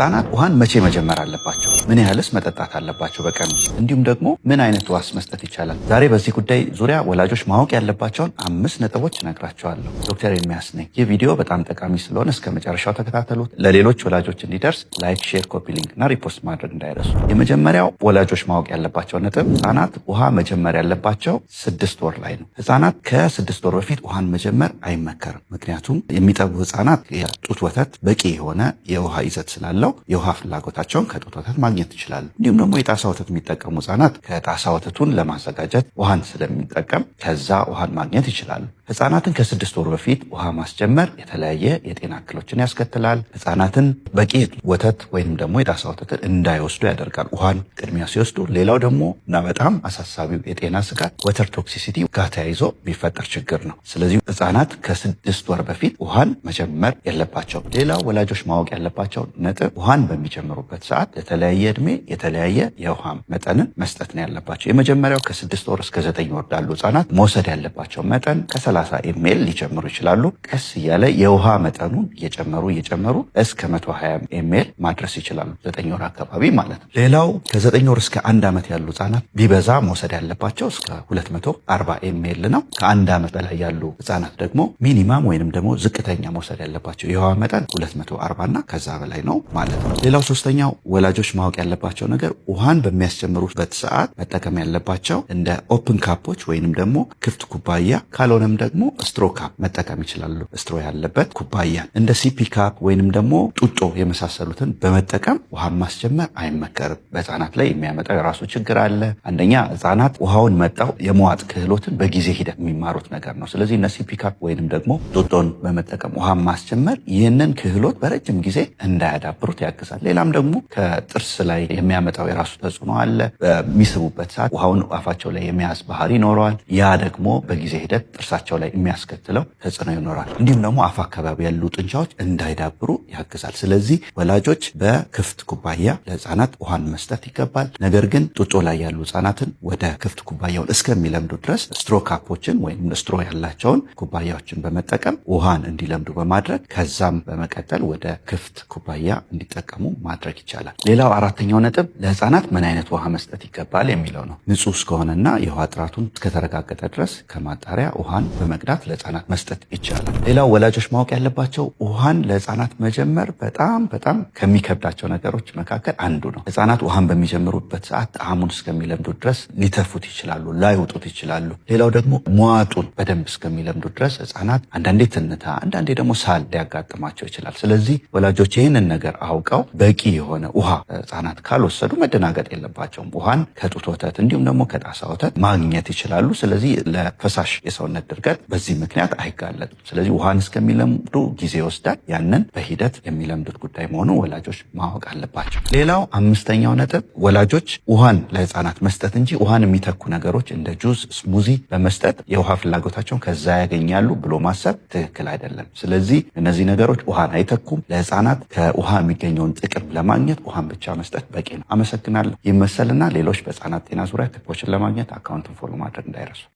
ህጻናት ውሃን መቼ መጀመር አለባቸው? ምን ያህልስ መጠጣት አለባቸው በቀን ውስጥ? እንዲሁም ደግሞ ምን አይነት ዋስ መስጠት ይቻላል? ዛሬ በዚህ ጉዳይ ዙሪያ ወላጆች ማወቅ ያለባቸውን አምስት ነጥቦች እነግራቸዋለሁ። ዶክተር ኤርሚያስ ነኝ። ይህ ቪዲዮ በጣም ጠቃሚ ስለሆነ እስከ መጨረሻው ተከታተሉት። ለሌሎች ወላጆች እንዲደርስ ላይክ፣ ሼር፣ ኮፒ ሊንክ እና ሪፖስት ማድረግ እንዳይረሱ። የመጀመሪያው ወላጆች ማወቅ ያለባቸው ነጥብ ህጻናት ውሃ መጀመር ያለባቸው ስድስት ወር ላይ ነው። ህጻናት ከስድስት ወር በፊት ውሃን መጀመር አይመከርም። ምክንያቱም የሚጠቡ ህጻናት የጡት ወተት በቂ የሆነ የውሃ ይዘት ስላለ ስላለው የውሃ ፍላጎታቸውን ከጡት ወተት ማግኘት ይችላሉ። እንዲሁም ደግሞ የጣሳ ወተት የሚጠቀሙ ህጻናት ከጣሳ ወተቱን ለማዘጋጀት ውሃን ስለሚጠቀም ከዛ ውሃን ማግኘት ይችላሉ። ህጻናትን ከስድስት ወር በፊት ውሃ ማስጀመር የተለያየ የጤና እክሎችን ያስከትላል። ህጻናትን በቂ ወተት ወይም ደግሞ የጣሳ ወተትን እንዳይወስዱ ያደርጋል። ውሃን ቅድሚያ ሲወስዱ። ሌላው ደግሞ እና በጣም አሳሳቢው የጤና ስጋት ወተር ቶክሲሲቲ ጋር ተያይዞ የሚፈጠር ችግር ነው። ስለዚህ ህጻናት ከስድስት ወር በፊት ውሃን መጀመር የለባቸው። ሌላው ወላጆች ማወቅ ያለባቸው ነጥብ ውሃን በሚጨምሩበት ሰዓት ለተለያየ እድሜ የተለያየ የውሃ መጠንን መስጠት ነው ያለባቸው። የመጀመሪያው ከስድስት ወር እስከ ዘጠኝ ወር ላሉ ህጻናት መውሰድ ያለባቸው መጠን ከሰላሳ ኤምኤል ሊጨምሩ ይችላሉ። ቀስ እያለ የውሃ መጠኑን እየጨመሩ እየጨመሩ እስከ መቶ ሀያ ኤምኤል ማድረስ ይችላሉ። ዘጠኝ ወር አካባቢ ማለት ነው። ሌላው ከዘጠኝ ወር እስከ አንድ ዓመት ያሉ ህጻናት ቢበዛ መውሰድ ያለባቸው እስከ ሁለት መቶ አርባ ኤምኤል ነው። ከአንድ ዓመት በላይ ያሉ ህጻናት ደግሞ ሚኒማም ወይንም ደግሞ ዝቅተኛ መውሰድ ያለባቸው የውሃ መጠን ሁለት መቶ አርባ እና ከዛ በላይ ነው። ማለት ነው። ሌላው ሶስተኛው ወላጆች ማወቅ ያለባቸው ነገር ውሃን በሚያስጀምሩበት ሰዓት መጠቀም ያለባቸው እንደ ኦፕን ካፖች ወይንም ደግሞ ክፍት ኩባያ ካልሆነም ደግሞ ስትሮ ካፕ መጠቀም ይችላሉ። ስትሮ ያለበት ኩባያ እንደ ሲፒ ካፕ ወይንም ደግሞ ጡጦ የመሳሰሉትን በመጠቀም ውሃን ማስጀመር አይመከርም። በህፃናት ላይ የሚያመጣው የራሱ ችግር አለ። አንደኛ ህፃናት ውሃውን መጣው የመዋጥ ክህሎትን በጊዜ ሂደት የሚማሩት ነገር ነው። ስለዚህ እነ ሲፒ ካፕ ወይንም ደግሞ ጡጦን በመጠቀም ውሃን ማስጀመር ይህንን ክህሎት በረጅም ጊዜ እንዳያዳብሩ እንዲኖሩት ያግዛል። ሌላም ደግሞ ከጥርስ ላይ የሚያመጣው የራሱ ተጽዕኖ አለ። በሚስቡበት ሰዓት ውሃውን አፋቸው ላይ የሚያዝ ባህሪ ይኖረዋል። ያ ደግሞ በጊዜ ሂደት ጥርሳቸው ላይ የሚያስከትለው ተጽዕኖ ይኖራል። እንዲሁም ደግሞ አፍ አካባቢ ያሉ ጡንቻዎች እንዳይዳብሩ ያግዛል። ስለዚህ ወላጆች በክፍት ኩባያ ለህፃናት ውሃን መስጠት ይገባል። ነገር ግን ጡጦ ላይ ያሉ ህፃናትን ወደ ክፍት ኩባያውን እስከሚለምዱ ድረስ ስትሮ ካፖችን ወይም ስትሮ ያላቸውን ኩባያዎችን በመጠቀም ውሃን እንዲለምዱ በማድረግ ከዛም በመቀጠል ወደ ክፍት ኩባያ እንዲ እንዲጠቀሙ ማድረግ ይቻላል። ሌላው አራተኛው ነጥብ ለህፃናት ምን አይነት ውሃ መስጠት ይገባል የሚለው ነው። ንጹህ እስከሆነና የውሃ ጥራቱን እስከተረጋገጠ ድረስ ከማጣሪያ ውሃን በመቅዳት ለህፃናት መስጠት ይቻላል። ሌላው ወላጆች ማወቅ ያለባቸው ውሃን ለህፃናት መጀመር በጣም በጣም ከሚከብዳቸው ነገሮች መካከል አንዱ ነው። ህፃናት ውሃን በሚጀምሩበት ሰዓት ጣዕሙን እስከሚለምዱ ድረስ ሊተፉት ይችላሉ፣ ላይውጡት ይችላሉ። ሌላው ደግሞ መዋጡን በደንብ እስከሚለምዱ ድረስ ህፃናት አንዳንዴ ትንታ፣ አንዳንዴ ደግሞ ሳል ሊያጋጥማቸው ይችላል። ስለዚህ ወላጆች ይህንን ነገር አውቀው በቂ የሆነ ውሃ ህጻናት ካልወሰዱ መደናገጥ የለባቸውም። ውሃን ከጡት ወተት እንዲሁም ደግሞ ከጣሳ ወተት ማግኘት ይችላሉ። ስለዚህ ለፈሳሽ የሰውነት ድርቀት በዚህ ምክንያት አይጋለጡም። ስለዚህ ውሃን እስከሚለምዱ ጊዜ ይወስዳል። ያንን በሂደት የሚለምዱት ጉዳይ መሆኑ ወላጆች ማወቅ አለባቸው። ሌላው አምስተኛው ነጥብ ወላጆች ውሃን ለህፃናት መስጠት እንጂ ውሃን የሚተኩ ነገሮች እንደ ጁስ፣ ስሙዚ በመስጠት የውሃ ፍላጎታቸውን ከዛ ያገኛሉ ብሎ ማሰብ ትክክል አይደለም። ስለዚህ እነዚህ ነገሮች ውሃን አይተኩም። ለህፃናት ከውሃ የሚገ የሚገኘውን ጥቅም ለማግኘት ውሃን ብቻ መስጠት በቂ ነው። አመሰግናለሁ። ይመሰልና ሌሎች በህፃናት ጤና ዙሪያ ክቦችን ለማግኘት አካውንትን ፎሎ ማድረግ እንዳይረሱ።